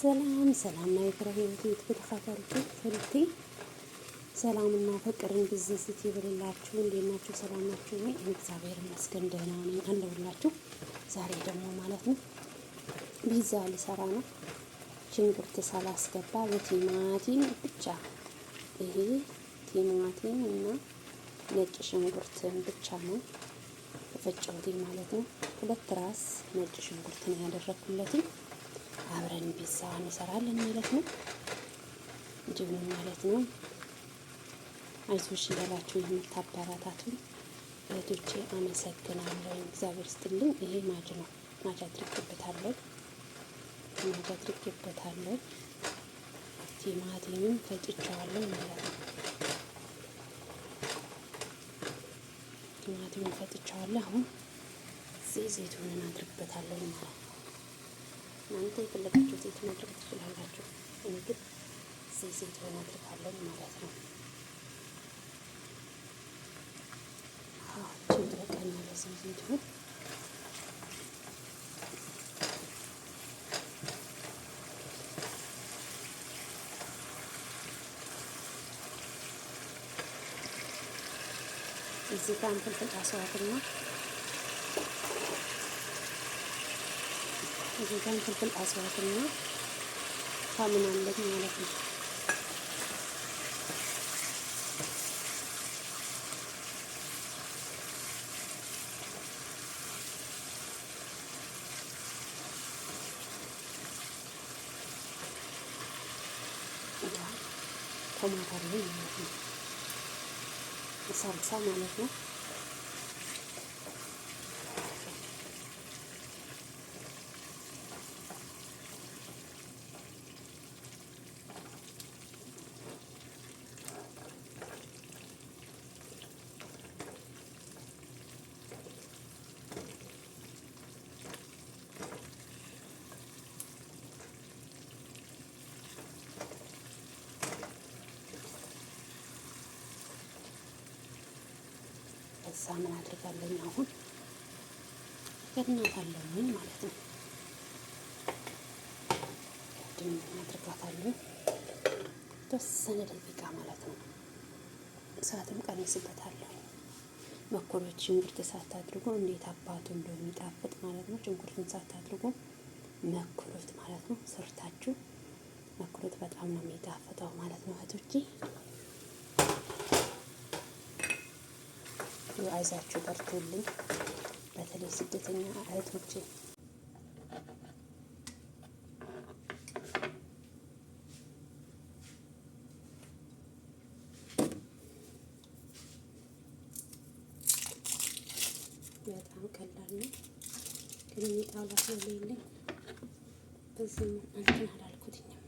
ሰላም ሰላም ነው የፍረሄም ቤት ተከታታዮች ፍርቲ ሰላምና ፍቅርን ብዝስት ይብልላችሁ። እንዴት ናችሁ? ሰላም ናችሁ ወይ? እግዚአብሔር ይመስገን ደህና ነኝ አለሁላችሁ። ዛሬ ደግሞ ማለት ነው ቢዛ ልሰራ ነው። ሽንኩርት ሳላስገባ በቲማቲም ብቻ ይሄ ቲማቲም እና ነጭ ሽንኩርትን ብቻ ነው የፈጨሁት ማለት ነው። ሁለት ራስ ነጭ ሽንኩርትን ያደረኩለትኝ አብረን ፒዛ እንሰራለን ማለት ነው። ጅብ ማለት ነው። አይዞሽ እያላችሁ የምታበረታቱኝ እህቶቼ አመሰግናለሁ። እግዚአብሔር ይስጥልኝ። ይሄ ማጅ ነው። ማጅ አድርጌበታለሁ። ማጅ አድርጌበታለሁ። ቲማቲምም ፈጭቸዋለሁ ማለት ነው። ቲማቲም ፈጭቸዋለሁ። አሁን ዘይቱንን አድርግበታለሁ ማለት ነው። እናንተ የፈለጋችሁ ዘይት ማድረግ ትችላላችሁ። እኔ ግን እዚህ ዘይት ሆነ አድርጋለሁ ማለት ነው። አዎችን በቃኛ ለዚህ ዘይት ሆነ እዚህ ጋር ፍልፍል ፍልጣ እዚህ ጋር ፍልፍል አስዋትና ሳምናለት ማለት ነው። ቶማት አለ ማለት ነው። ሳልሳ ማለት ነው። ከዛ ምን አድርጋለኝ አሁን ገድናታለሁኝ ማለት ነው። ገድን አድርጋታለሁ ደቂቃ ማለት ነው። ሰዓትም ቀንስበታለሁ። መኮሮች ሽንኩርት ሳታድርጎ እንዴት አባቱ እንደሚጣፍጥ ማለት ነው። ሽንኩርትን ሳታድርጎ መኮሮት ማለት ነው። ሰርታችሁ መኮሮት በጣም ነው የሚጣፍጠው ማለት ነው እህቶቼ። አይዛችሁ በርቱልኝ። በተለይ ስደተኛ እህቶቼ በጣም ቀላል ነው። ግን ጣውላት ነው ሌለኝ በዚህ እንትን አላልኩትኝም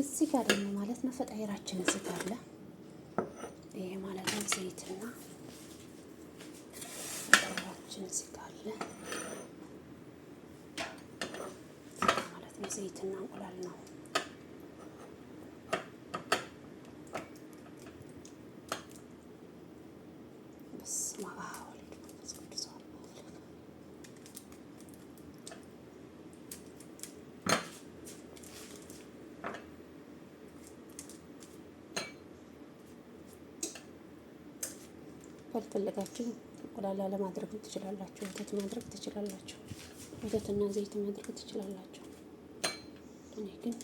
እዚህ ጋር ደግሞ ማለት ነው ፈጣይራችን እዚህ ጋር አለ። ይሄ ማለት ነው ዘይትና ፈጣይራችን እዚህ ጋር አለ ማለት ነው። ዘይትና እንቁላል ነው ካልፈለጋችሁ እንቁላል ለማድረግ ትችላላችሁ። ወተት ማድረግ ትችላላችሁ። ወተትና ዘይት ማድረግ ትችላላችሁ። እኔ ግን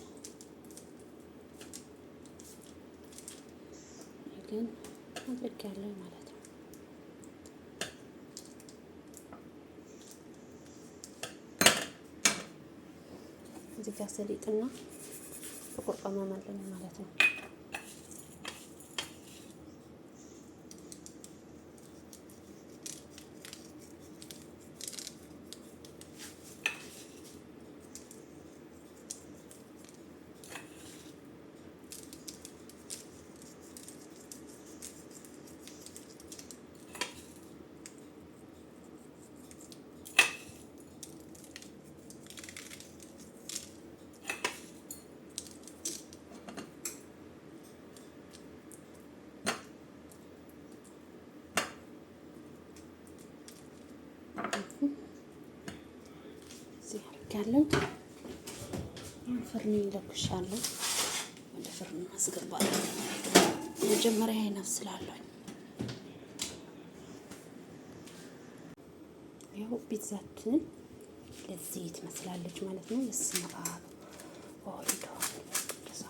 ግን ያለው ማለት ነው። እዚህ ጋር ሰሊጥና ጥቁር ቅመም አለኝ ማለት ነው። አድርጊያለሁ። ፍርን ለኩሻለሁ። ወደ ፍርን አስገባለሁ። መጀመሪያ አይነት ስላለኝ ይኸው ፒዛችንን ለዚህ ትመስላለች ማለት ነው። በስመ አብ ወወልድ ወመንፈስ ቅዱስ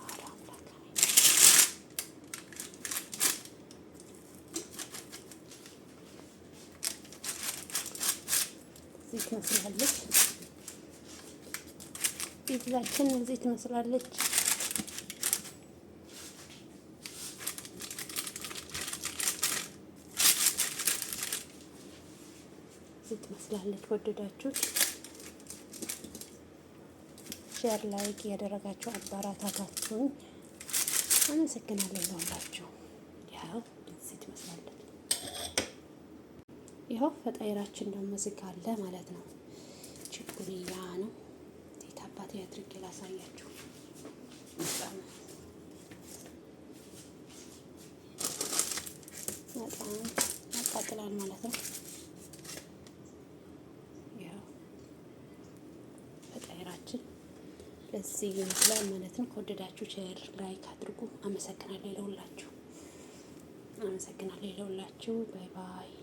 እዚህ ትመስላለች። ፒዛችን እዚህ ትመስላለች። እዚህ ትመስላለች። ወደዳችሁት ሼር ላይክ ያደረጋችሁ አባራታታችሁን አመሰግናለሁ። ለሁላችሁ ያው እዚህ ትመስላለች። ይኸው ፈጣይራችን ደግሞ ዝግ አለ ማለት ነው። ችኩልያ ነው። እንደዚህ አድርጌ ላሳያችሁ። በጣም ያቃጥላል ማለት ነው። ያው ይመስላል ማለት ነው። ከወደዳችሁ ቸር ላይክ አድርጉ። አመሰግናለሁ ይለውላችሁ፣ አመሰግናለሁ ይለውላችሁ። ባይ ባይ።